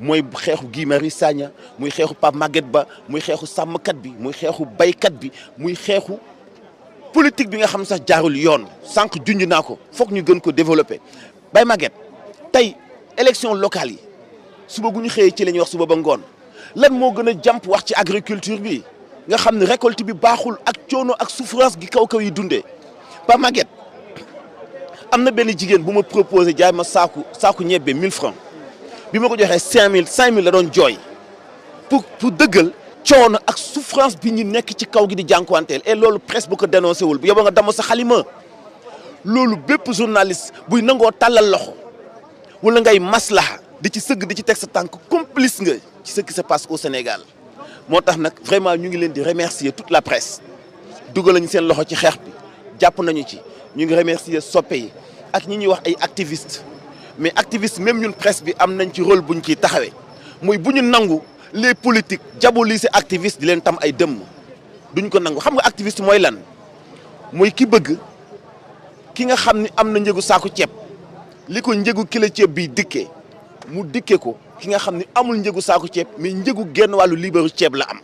mooy xeexu giimari Marius muy xeexu Pape Maguette Ba muy xeexu sàmmkat bi muy xeexu baykat bi muy xeexu politique bi nga xam sax jaarul yoon sànq junj naa ko foog ñu gën ko développer. bay Maguette tey élection locale yi suba gu ñu xëyee ci lañuy wax suba ba ngoon lan moo gën a jàmp wax ci agriculture bi nga xam ne récolte bi baaxul ak coono ak souffrance gi kaw kaw yi dundee Pape Maguette am na benn jigéen bu ma proposé jaay ma saaku saaku ñebbe 1000 francs bima ko joxee cinq mille cinq mille la doon joy. pour pour dëggal coono ak souffrance bi ñu nekk ci kaw gi di jankwantel et lolu presse bu ko dénoncé wul bu yeboo nga dama sa khalima lolu bép journaliste bu nangoo talal loxo wala ngay maslaha di ci seug di ci teg sa complice nga ci ce qui se passe au Sénégal Motax nak vraiment ñu ngi leen di remercier toute la presse dugal nañu seen loxo ci xex bi Japp nañu ci ñu ngi remercier soppe yi ak ñi ñi wax ay activistes mais activiste même ñun presse bi am nañ ci rôle buñ ciy taxawee mooy bu ñu nangu les politiques diaboliser activiste di leen tam ay dëmm duñ ko nangu xam nga activiste mooy lan mooy ki bëgg ki nga xam ni am na njëgu saaku ceeb li ko njëgu kilo ceeb bi dikkee mu dikkee ko ki nga xam ni amul njëgu saaku ceeb mais njëgu genn wàllu liibaru ceeb la am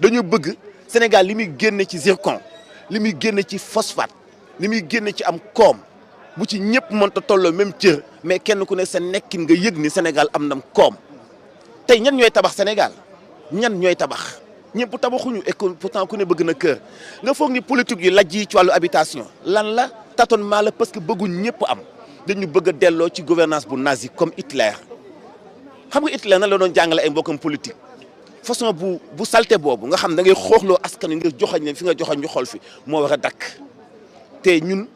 dañu bëgg Sénégal li muy génne ci zircon li muy génne ci phosphate li muy génne ci am koom qui ci même tir mais kenn ku ne sa nekkin nga au Sénégal am tabac Sénégal ñan tabax Sénégal ñan tabax tabaxuñu et pourtant ku ne bëgg na kër nga ni politique au Sénégal ci l'habitation habitation lan la parce que pas de am dañu bëgg a ci gouvernance bu nazi comme Hitler xam Hitler na la doon ay politique façon bu bu salté bobu nga xam da ngay xoxlo askan ngir fi nga ñu fi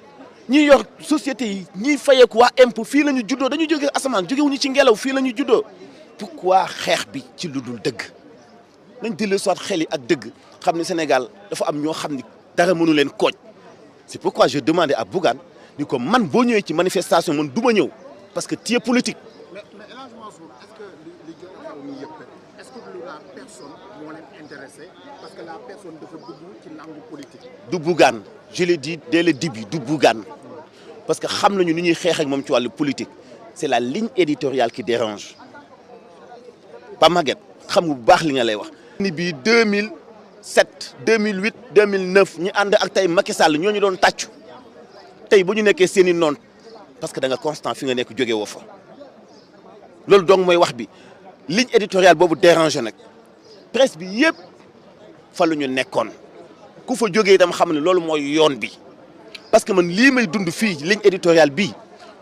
ñi yor société ni fayé fayeeku waa impôt fi lañu ñu dañu joggé jóge joggé wuñu ci ngelaw fi lañu ñu pourquoi xeex bi ci luddul deug lañu nañ dellu soit xel ak deug xamni Sénégal dafa am ño xamni dara mënu len kooj c'est pourquoi je demandé à Bougane ni ko man bo ñëwee ci manifestation man duma ñëw parce que tie politique. mais mais El est-ce que li li xew nii est-ce que lu la personne moo leen intéressé parce que la personne dafa dugg ci langue politique. du Bougane je l'ai dit dès le début du Bougane parce que xam nañu ni ñuy xeex ak moom ci wàllu politique c'est la ligne éditoriale qui dérange Pa Maguette xam nga bu baax li nga lay wax. ni bii 2007 2008 2009 ñu ànd ak tey Macky Sall ñoo ñu doon tàccu tey bu ñu nekkee seen i noon parce que da nga constant fi nga nekk jóge woo fa loolu donc mooy wax bi ligne éditoriale boobu dérange, nag presse bi yëpp fa lu ñu nekkoon ku fa jógee itam xam ne loolu mooy yoon bi. parce que man lii may dund fii ligne éditoriale bi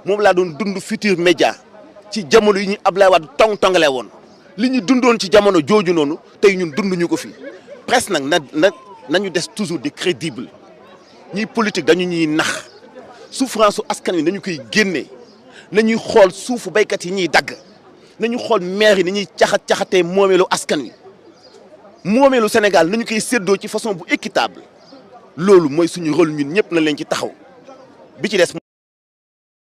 moom laa doon dund Futurs média ci jamono yi ñu Ablaye Wade tong-tongale woon li ñuy dundoon ci jamono jooju noonu tey ñun dunduñu ko fii presque nag na na nañu des toujours di crédible ñuy politique dañu ñuy nax souffrance askan wi nañu koy génnee nañuy xool suufu baykat yi ñuy dagg nañu xool maire yi ni ñuy caxat caxatee moomeelu askan wi moomeelu Sénégal nañu koy séddoo ci façon bu équitable loolu mooy suñu rôle ñun ñëpp na leen ci taxaw bi ci des